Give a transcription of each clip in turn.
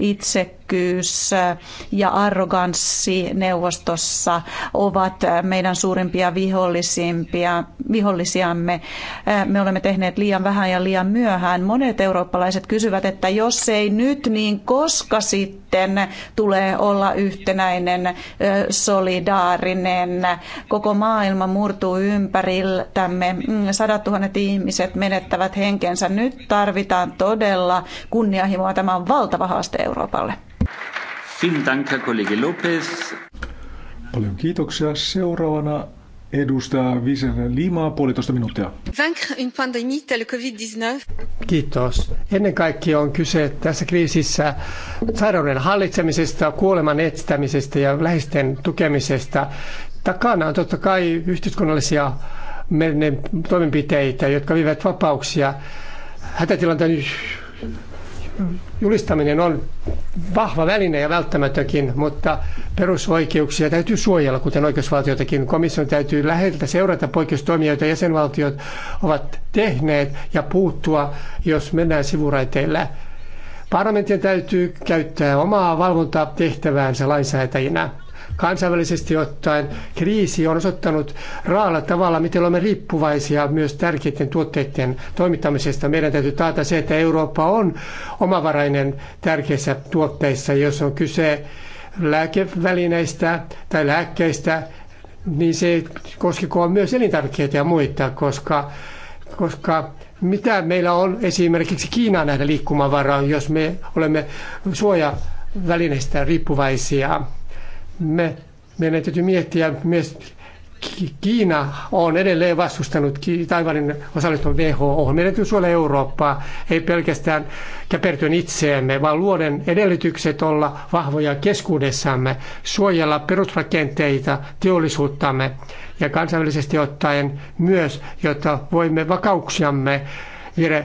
itse itsekkyys ja arroganssi neuvostossa ovat meidän suurimpia vihollisimpia, vihollisiamme. Me olemme tehneet liian vähän ja liian myöhään. Monet eurooppalaiset kysyvät, että jos ei nyt, niin koska sitten tulee olla yhtenäinen, solidaarinen. Koko maailma murtuu ympäriltämme. Mm, sadat tuhannet ihmiset menettävät henkensä. Nyt tarvitaan todella kunnianhimoa. Tämä on valtava haaste Euroopalle. Paljon kiitoksia. Seuraavana Limaa, puolitoista minuuttia. Kiitos. Ennen kaikkea on kyse tässä kriisissä sairauden hallitsemisesta, kuoleman estämisestä ja läheisten tukemisesta. Takana on totta kai yhteiskunnallisia toimenpiteitä, jotka vievät vapauksia hätätilanteen julistaminen on vahva väline ja välttämätökin, mutta perusoikeuksia täytyy suojella, kuten oikeusvaltiotakin. Komission täytyy läheltä seurata poikkeustoimia, joita jäsenvaltiot ovat tehneet ja puuttua, jos mennään sivuraiteille. Parlamentin täytyy käyttää omaa valvontaa lainsäätäjinä Kansainvälisesti ottaen kriisi on osoittanut raalla tavalla, miten olemme riippuvaisia myös tärkeiden tuotteiden toimittamisesta. Meidän täytyy taata se, että Eurooppa on omavarainen tärkeissä tuotteissa, jos on kyse lääkevälineistä tai lääkkeistä, niin se koskikoon myös elintarvikkeita ja muita, koska, koska mitä meillä on esimerkiksi Kiinaa nähdä liikkumavaraa, jos me olemme suojavälineistä riippuvaisia me, meidän täytyy miettiä myös Kiina on edelleen vastustanut Taivanin osallistuvan WHO. Meidän täytyy suojella Eurooppaa, ei pelkästään käpertyä itseemme, vaan luoden edellytykset olla vahvoja keskuudessamme, suojella perusrakenteita, teollisuuttamme ja kansainvälisesti ottaen myös, jotta voimme vakauksiamme viedä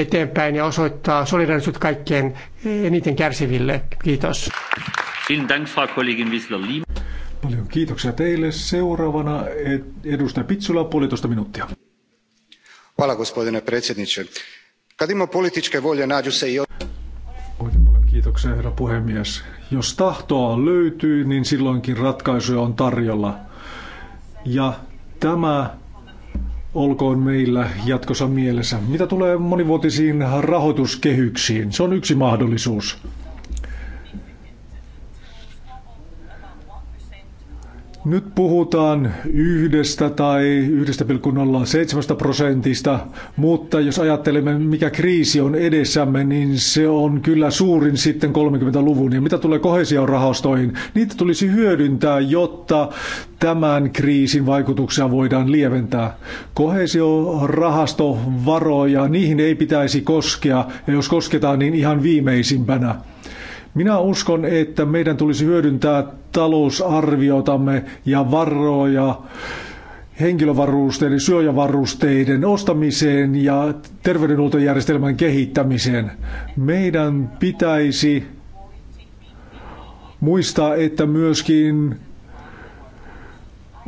eteenpäin ja osoittaa solidarisuutta kaikkein eniten kärsiville. Kiitos. Paljon kiitoksia teille. Seuraavana edustaja Pitsula, puolitoista minuuttia. Hvala gospodine predsjedniče. Kad ima političke volje, nađu se i... Oikein kiitoksia herra puhemies. Jos tahtoa löytyy, niin silloinkin ratkaisuja on tarjolla. Ja tämä olkoon meillä jatkossa mielessä. Mitä tulee monivuotisiin rahoituskehyksiin? Se on yksi mahdollisuus. Nyt puhutaan yhdestä tai 1,07 prosentista, mutta jos ajattelemme, mikä kriisi on edessämme, niin se on kyllä suurin sitten 30-luvun. Ja mitä tulee kohesiorahastoihin, niitä tulisi hyödyntää, jotta tämän kriisin vaikutuksia voidaan lieventää. Kohesiorahastovaroja, niihin ei pitäisi koskea, ja jos kosketaan, niin ihan viimeisimpänä. Minä uskon, että meidän tulisi hyödyntää talousarviotamme ja varoja henkilövarusteiden, syöjävarusteiden ostamiseen ja terveydenhuoltojärjestelmän kehittämiseen. Meidän pitäisi muistaa, että myöskin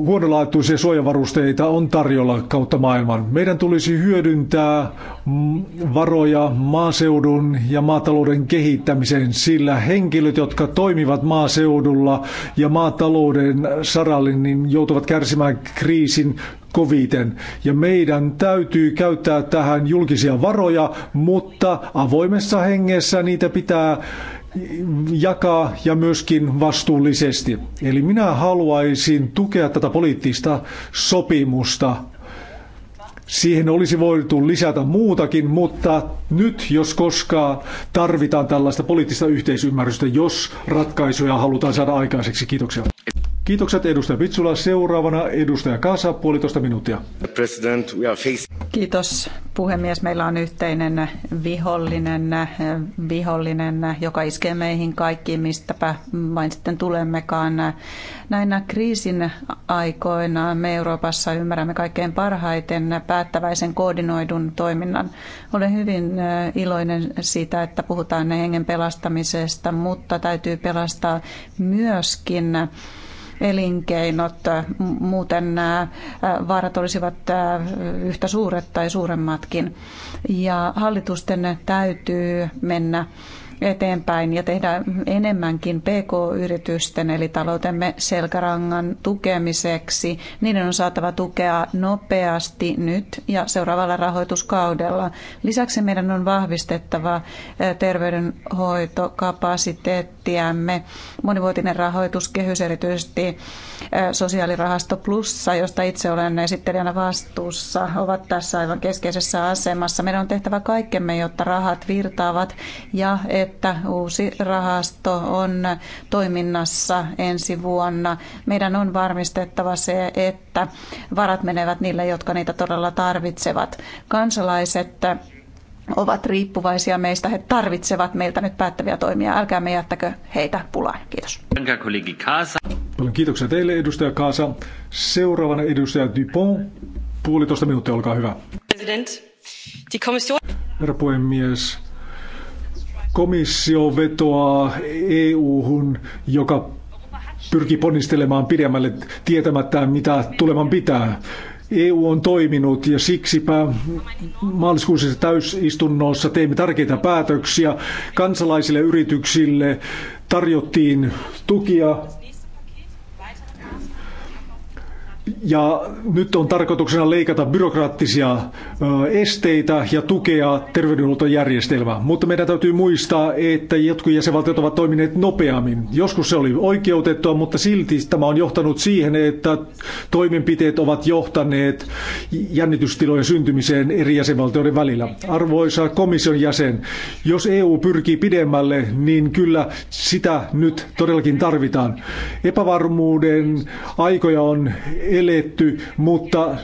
huonolaatuisia suojavarusteita on tarjolla kautta maailman. Meidän tulisi hyödyntää varoja maaseudun ja maatalouden kehittämiseen, sillä henkilöt, jotka toimivat maaseudulla ja maatalouden saralle, niin joutuvat kärsimään kriisin koviten. Ja meidän täytyy käyttää tähän julkisia varoja, mutta avoimessa hengessä niitä pitää jakaa ja myöskin vastuullisesti. Eli minä haluaisin tukea tätä poliittista sopimusta. Siihen olisi voitu lisätä muutakin, mutta nyt jos koskaan tarvitaan tällaista poliittista yhteisymmärrystä, jos ratkaisuja halutaan saada aikaiseksi. Kiitoksia. Kiitokset edustaja Pitsula. Seuraavana edustaja Kasa, puolitoista minuuttia. Kiitos puhemies. Meillä on yhteinen vihollinen, vihollinen, joka iskee meihin kaikkiin, mistäpä vain sitten tulemmekaan. Näinä kriisin aikoina me Euroopassa ymmärrämme kaikkein parhaiten päättäväisen koordinoidun toiminnan. Olen hyvin iloinen siitä, että puhutaan hengen pelastamisesta, mutta täytyy pelastaa myöskin elinkeinot. Muuten nämä vaarat olisivat yhtä suuret tai suuremmatkin. Ja hallitusten täytyy mennä eteenpäin ja tehdä enemmänkin PK-yritysten eli taloutemme selkärangan tukemiseksi. Niiden on saatava tukea nopeasti nyt ja seuraavalla rahoituskaudella. Lisäksi meidän on vahvistettava terveydenhoitokapasiteettiamme. Monivuotinen rahoituskehys erityisesti sosiaalirahasto plussa, josta itse olen esittelijänä vastuussa, ovat tässä aivan keskeisessä asemassa. Meidän on tehtävä kaikkemme, jotta rahat virtaavat ja että että uusi rahasto on toiminnassa ensi vuonna. Meidän on varmistettava se, että varat menevät niille, jotka niitä todella tarvitsevat. Kansalaiset ovat riippuvaisia meistä. He tarvitsevat meiltä nyt päättäviä toimia. Älkää me jättäkö heitä pulaan. Kiitos. kiitoksia teille, edustaja Kaasa. Seuraavana edustaja Dupont. Puolitoista minuuttia, olkaa hyvä. Herra puhemies, Komissio vetoaa EU-hun, joka pyrkii ponnistelemaan pidemmälle tietämättä, mitä tuleman pitää. EU on toiminut ja siksipä maaliskuussa täysistunnossa teimme tärkeitä päätöksiä. Kansalaisille yrityksille tarjottiin tukia ja nyt on tarkoituksena leikata byrokraattisia esteitä ja tukea terveydenhuoltojärjestelmää. Mutta meidän täytyy muistaa, että jotkut jäsenvaltiot ovat toimineet nopeammin. Joskus se oli oikeutettua, mutta silti tämä on johtanut siihen, että toimenpiteet ovat johtaneet jännitystilojen syntymiseen eri jäsenvaltioiden välillä. Arvoisa komission jäsen, jos EU pyrkii pidemmälle, niin kyllä sitä nyt todellakin tarvitaan. Epävarmuuden aikoja on eletty, mutta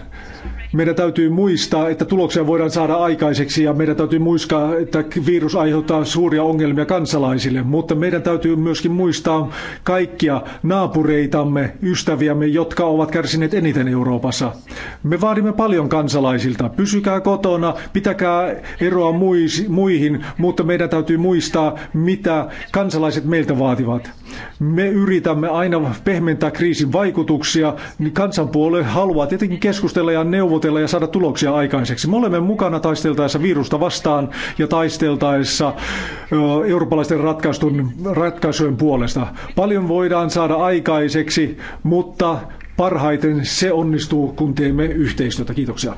meidän täytyy muistaa, että tuloksia voidaan saada aikaiseksi ja meidän täytyy muistaa, että virus aiheuttaa suuria ongelmia kansalaisille, mutta meidän täytyy myöskin muistaa kaikkia naapureitamme, ystäviämme, jotka ovat kärsineet eniten Euroopassa. Me vaadimme paljon kansalaisilta. Pysykää kotona, pitäkää eroa muihin, mutta meidän täytyy muistaa, mitä kansalaiset meiltä vaativat. Me yritämme aina pehmentää kriisin vaikutuksia, niin kansanpuolue haluaa tietenkin keskustella ja neuvotella tavoitella ja saada tuloksia aikaiseksi. Me olemme mukana taisteltaessa virusta vastaan ja taisteltaessa eurooppalaisten ratkaistun, ratkaisujen puolesta. Paljon voidaan saada aikaiseksi, mutta parhaiten se onnistuu, kun teemme yhteistyötä. Kiitoksia.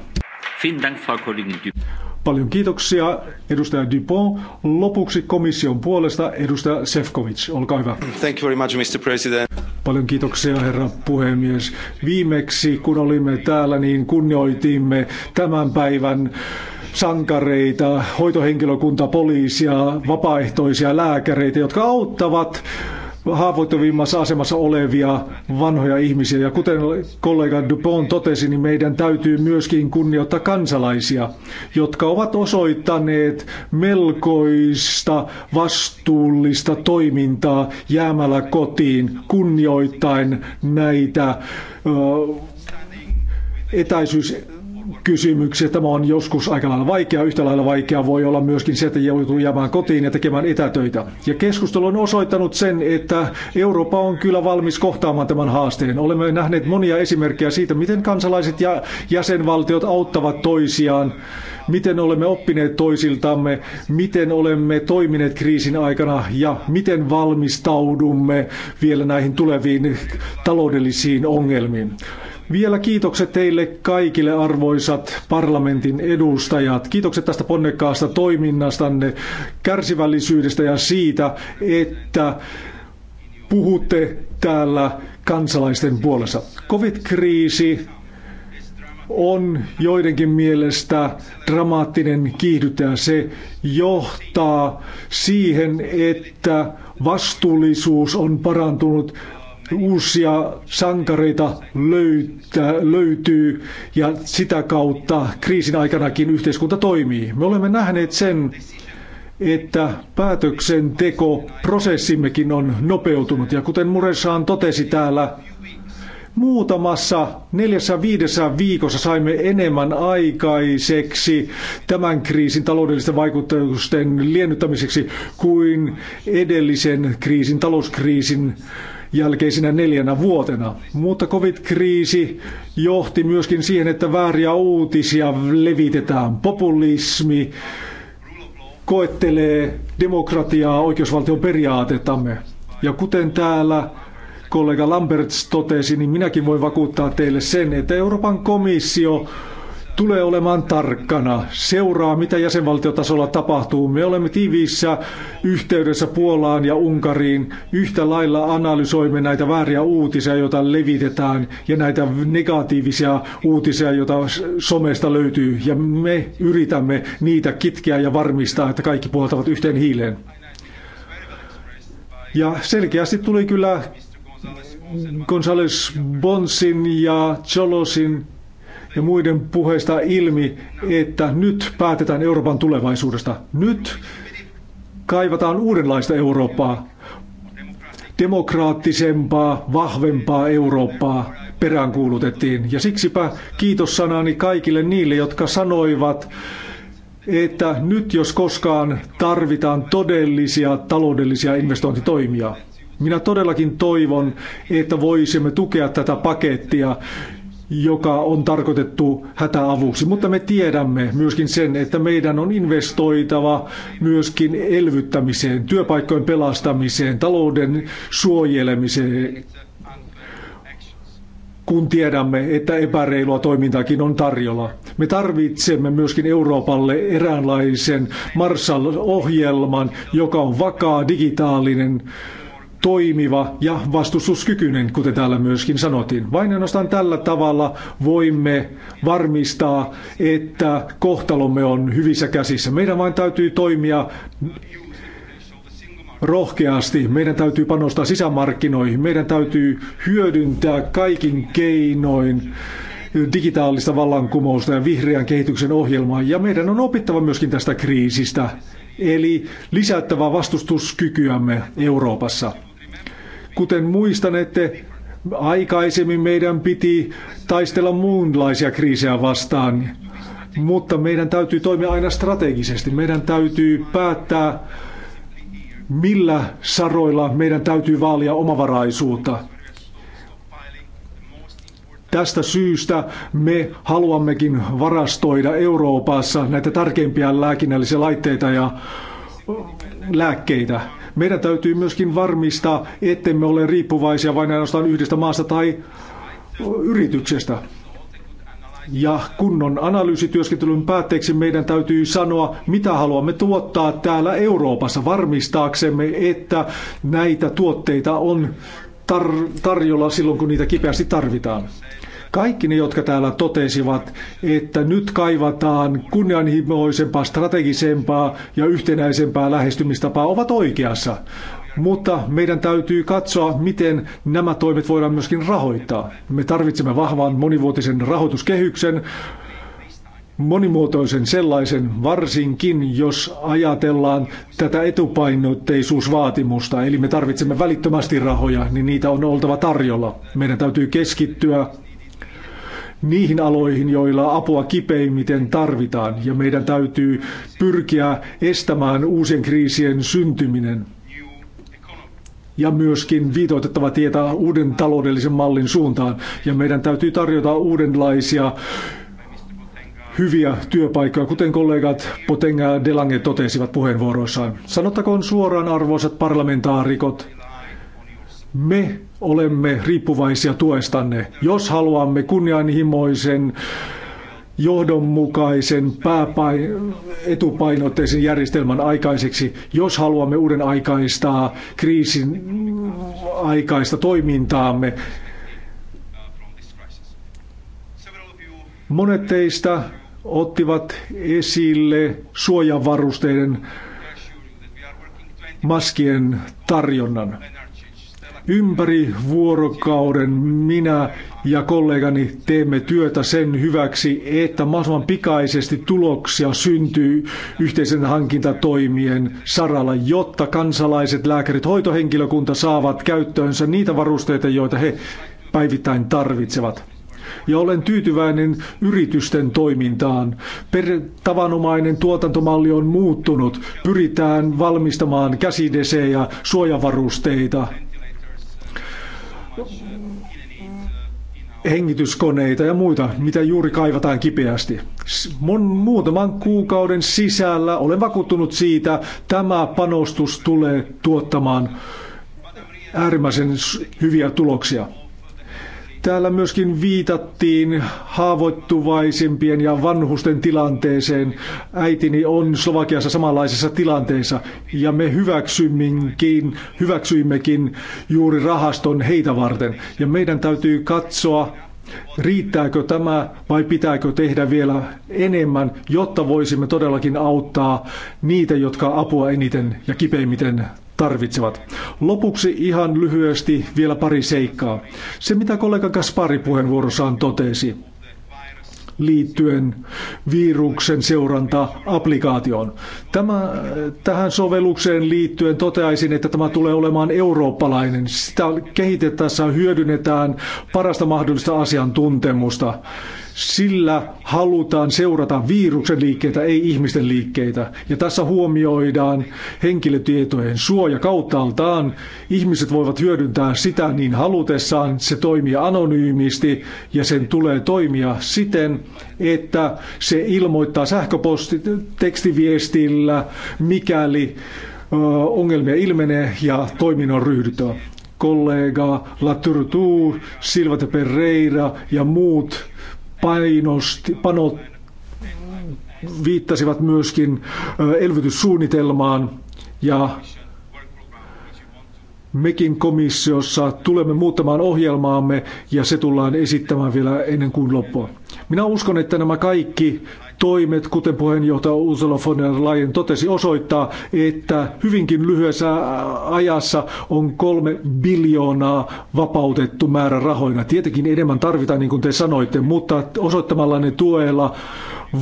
Paljon kiitoksia, edustaja Dupont. Lopuksi komission puolesta edustaja Sefcovic, olkaa hyvä. Thank you very much, Mr. President. Paljon kiitoksia, herra puhemies. Viimeksi, kun olimme täällä, niin kunnioitimme tämän päivän sankareita, hoitohenkilökunta, poliisia, vapaaehtoisia lääkäreitä, jotka auttavat haavoittuvimmassa asemassa olevia vanhoja ihmisiä. Ja kuten kollega Dupont totesi, niin meidän täytyy myöskin kunnioittaa kansalaisia, jotka ovat osoittaneet melkoista vastuullista toimintaa jäämällä kotiin kunnioittain näitä ö, etäisyys kysymyksiä. Tämä on joskus aika lailla vaikeaa. Yhtä lailla vaikeaa voi olla myöskin se, että joutuu jäämään kotiin ja tekemään etätöitä. Ja keskustelu on osoittanut sen, että Eurooppa on kyllä valmis kohtaamaan tämän haasteen. Olemme nähneet monia esimerkkejä siitä, miten kansalaiset ja jäsenvaltiot auttavat toisiaan, miten olemme oppineet toisiltamme, miten olemme toimineet kriisin aikana ja miten valmistaudumme vielä näihin tuleviin taloudellisiin ongelmiin. Vielä kiitokset teille kaikille arvoisat parlamentin edustajat. Kiitokset tästä ponnekkaasta toiminnastanne, kärsivällisyydestä ja siitä, että puhutte täällä kansalaisten puolesta. Covid-kriisi on joidenkin mielestä dramaattinen kiihdyttäjä. Se johtaa siihen, että vastuullisuus on parantunut uusia sankareita löytää, löytyy ja sitä kautta kriisin aikanakin yhteiskunta toimii. Me olemme nähneet sen, että prosessimmekin on nopeutunut. Ja kuten Muresaan totesi täällä, muutamassa neljässä viidessä viikossa saimme enemmän aikaiseksi tämän kriisin taloudellisten vaikutusten liennyttämiseksi kuin edellisen kriisin, talouskriisin jälkeisinä neljänä vuotena. Mutta COVID-kriisi johti myöskin siihen, että vääriä uutisia levitetään. Populismi koettelee demokratiaa, oikeusvaltion periaatetamme. Ja kuten täällä kollega Lamberts totesi, niin minäkin voin vakuuttaa teille sen, että Euroopan komissio tulee olemaan tarkkana, seuraa mitä jäsenvaltiotasolla tapahtuu. Me olemme tiiviissä yhteydessä Puolaan ja Unkariin. Yhtä lailla analysoimme näitä vääriä uutisia, joita levitetään ja näitä negatiivisia uutisia, joita somesta löytyy. Ja me yritämme niitä kitkeä ja varmistaa, että kaikki puhaltavat yhteen hiileen. Ja selkeästi tuli kyllä Gonzales Bonsin ja Cholosin ja muiden puheista ilmi, että nyt päätetään Euroopan tulevaisuudesta. Nyt kaivataan uudenlaista Eurooppaa, demokraattisempaa, vahvempaa Eurooppaa peräänkuulutettiin. Ja siksipä kiitos sanani kaikille niille, jotka sanoivat, että nyt jos koskaan tarvitaan todellisia taloudellisia investointitoimia. Minä todellakin toivon, että voisimme tukea tätä pakettia, joka on tarkoitettu hätäavuksi. Mutta me tiedämme myöskin sen, että meidän on investoitava myöskin elvyttämiseen, työpaikkojen pelastamiseen, talouden suojelemiseen, kun tiedämme, että epäreilua toimintaakin on tarjolla. Me tarvitsemme myöskin Euroopalle eräänlaisen Marshall-ohjelman, joka on vakaa, digitaalinen, toimiva ja vastustuskykyinen, kuten täällä myöskin sanottiin. Vain ainoastaan tällä tavalla voimme varmistaa, että kohtalomme on hyvissä käsissä. Meidän vain täytyy toimia rohkeasti. Meidän täytyy panostaa sisämarkkinoihin. Meidän täytyy hyödyntää kaikin keinoin digitaalista vallankumousta ja vihreän kehityksen ohjelmaa. Ja meidän on opittava myöskin tästä kriisistä, eli lisättävä vastustuskykyämme Euroopassa. Kuten muistanette, aikaisemmin meidän piti taistella muunlaisia kriisejä vastaan, mutta meidän täytyy toimia aina strategisesti. Meidän täytyy päättää, millä saroilla meidän täytyy vaalia omavaraisuutta. Tästä syystä me haluammekin varastoida Euroopassa näitä tärkeimpiä lääkinnällisiä laitteita ja lääkkeitä. Meidän täytyy myöskin varmistaa, ettemme ole riippuvaisia vain ainoastaan yhdestä maasta tai yrityksestä. Ja kunnon analyysityöskentelyn päätteeksi meidän täytyy sanoa, mitä haluamme tuottaa täällä Euroopassa varmistaaksemme, että näitä tuotteita on tar- tarjolla silloin, kun niitä kipeästi tarvitaan. Kaikki ne, jotka täällä totesivat, että nyt kaivataan kunnianhimoisempaa, strategisempaa ja yhtenäisempää lähestymistapaa, ovat oikeassa. Mutta meidän täytyy katsoa, miten nämä toimet voidaan myöskin rahoittaa. Me tarvitsemme vahvan monivuotisen rahoituskehyksen, monimuotoisen sellaisen, varsinkin jos ajatellaan tätä etupainotteisuusvaatimusta, eli me tarvitsemme välittömästi rahoja, niin niitä on oltava tarjolla. Meidän täytyy keskittyä niihin aloihin, joilla apua kipeimmiten tarvitaan. Ja meidän täytyy pyrkiä estämään uusien kriisien syntyminen ja myöskin viitoitettava tietä uuden taloudellisen mallin suuntaan. Ja meidän täytyy tarjota uudenlaisia hyviä työpaikkoja, kuten kollegat Potenga ja Delange totesivat puheenvuoroissaan. Sanottakoon suoraan, arvoisat parlamentaarikot, me olemme riippuvaisia tuestanne. Jos haluamme kunnianhimoisen, johdonmukaisen, pääpain, etupainotteisen järjestelmän aikaiseksi, jos haluamme uuden aikaistaa kriisin aikaista toimintaamme. Monet teistä ottivat esille suojavarusteiden maskien tarjonnan. Ympäri vuorokauden minä ja kollegani teemme työtä sen hyväksi, että mahdollisimman pikaisesti tuloksia syntyy yhteisen hankintatoimien saralla, jotta kansalaiset, lääkärit, hoitohenkilökunta saavat käyttöönsä niitä varusteita, joita he päivittäin tarvitsevat ja olen tyytyväinen yritysten toimintaan. Per tavanomainen tuotantomalli on muuttunut. Pyritään valmistamaan käsidesejä, suojavarusteita hengityskoneita ja muita, mitä juuri kaivataan kipeästi. Mon, muutaman kuukauden sisällä olen vakuuttunut siitä, tämä panostus tulee tuottamaan äärimmäisen hyviä tuloksia. Täällä myöskin viitattiin haavoittuvaisimpien ja vanhusten tilanteeseen. Äitini on Slovakiassa samanlaisessa tilanteessa ja me hyväksymmekin, hyväksyimmekin juuri rahaston heitä varten. Ja meidän täytyy katsoa, riittääkö tämä vai pitääkö tehdä vielä enemmän, jotta voisimme todellakin auttaa niitä, jotka apua eniten ja kipeimmiten tarvitsevat. Lopuksi ihan lyhyesti vielä pari seikkaa. Se, mitä kollega Kaspari puheenvuorossaan totesi liittyen viruksen seuranta-applikaatioon. Tämä, tähän sovellukseen liittyen toteaisin, että tämä tulee olemaan eurooppalainen. Sitä kehitettäessä hyödynnetään parasta mahdollista asiantuntemusta. Sillä halutaan seurata viruksen liikkeitä, ei ihmisten liikkeitä. Ja tässä huomioidaan henkilötietojen suoja kauttaaltaan. Ihmiset voivat hyödyntää sitä niin halutessaan. Se toimii anonyymisti ja sen tulee toimia siten, että se ilmoittaa sähköpostitekstiviestillä, tekstiviestillä, mikäli ongelmia ilmenee ja toiminnon ryhdytään kollega Latour, Silva de Pereira ja muut painosti, panot viittasivat myöskin elvytyssuunnitelmaan ja mekin komissiossa tulemme muuttamaan ohjelmaamme ja se tullaan esittämään vielä ennen kuin loppua. Minä uskon, että nämä kaikki toimet, kuten puheenjohtaja Ursula von der Leyen totesi, osoittaa, että hyvinkin lyhyessä ajassa on kolme biljoonaa vapautettu määrä rahoina. Tietenkin enemmän tarvitaan, niin kuin te sanoitte, mutta osoittamalla ne tuella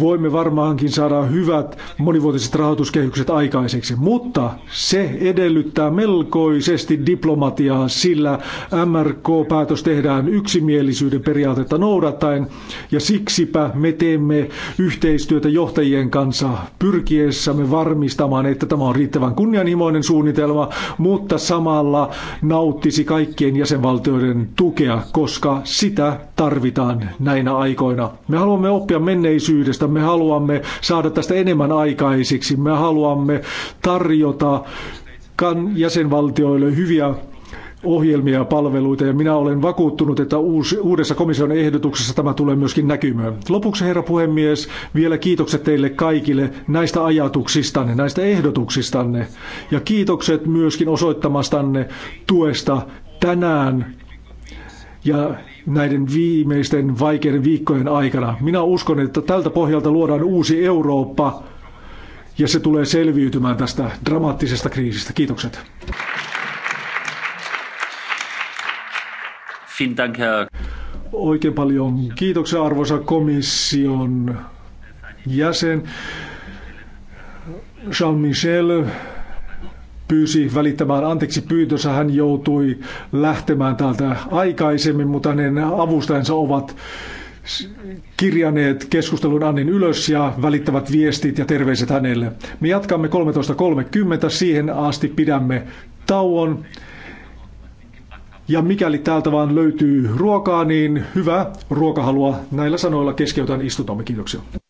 voimme varmaankin saada hyvät monivuotiset rahoituskehykset aikaiseksi, mutta se edellyttää melkoisesti diplomatiaa, sillä MRK-päätös tehdään yksimielisyyden periaatetta noudattaen ja siksipä me teemme yhteistyötä johtajien kanssa pyrkiessämme varmistamaan, että tämä on riittävän kunnianhimoinen suunnitelma, mutta samalla nauttisi kaikkien jäsenvaltioiden tukea, koska sitä tarvitaan näinä aikoina. Me haluamme oppia menneisyydestä asioista. Me haluamme saada tästä enemmän aikaisiksi. Me haluamme tarjota jäsenvaltioille hyviä ohjelmia ja palveluita, ja minä olen vakuuttunut, että uusi, uudessa komission ehdotuksessa tämä tulee myöskin näkymään. Lopuksi, herra puhemies, vielä kiitokset teille kaikille näistä ajatuksistanne, näistä ehdotuksistanne, ja kiitokset myöskin osoittamastanne tuesta tänään ja näiden viimeisten vaikeiden viikkojen aikana. Minä uskon, että tältä pohjalta luodaan uusi Eurooppa ja se tulee selviytymään tästä dramaattisesta kriisistä. Kiitokset. Oikein paljon kiitoksia arvoisa komission jäsen Jean-Michel pyysi välittämään anteeksi pyyntönsä. Hän joutui lähtemään täältä aikaisemmin, mutta hänen avustajansa ovat kirjaneet keskustelun Annin ylös ja välittävät viestit ja terveiset hänelle. Me jatkamme 13.30, siihen asti pidämme tauon. Ja mikäli täältä vaan löytyy ruokaa, niin hyvä ruokahalua. Näillä sanoilla keskeytän istuntomme. Kiitoksia.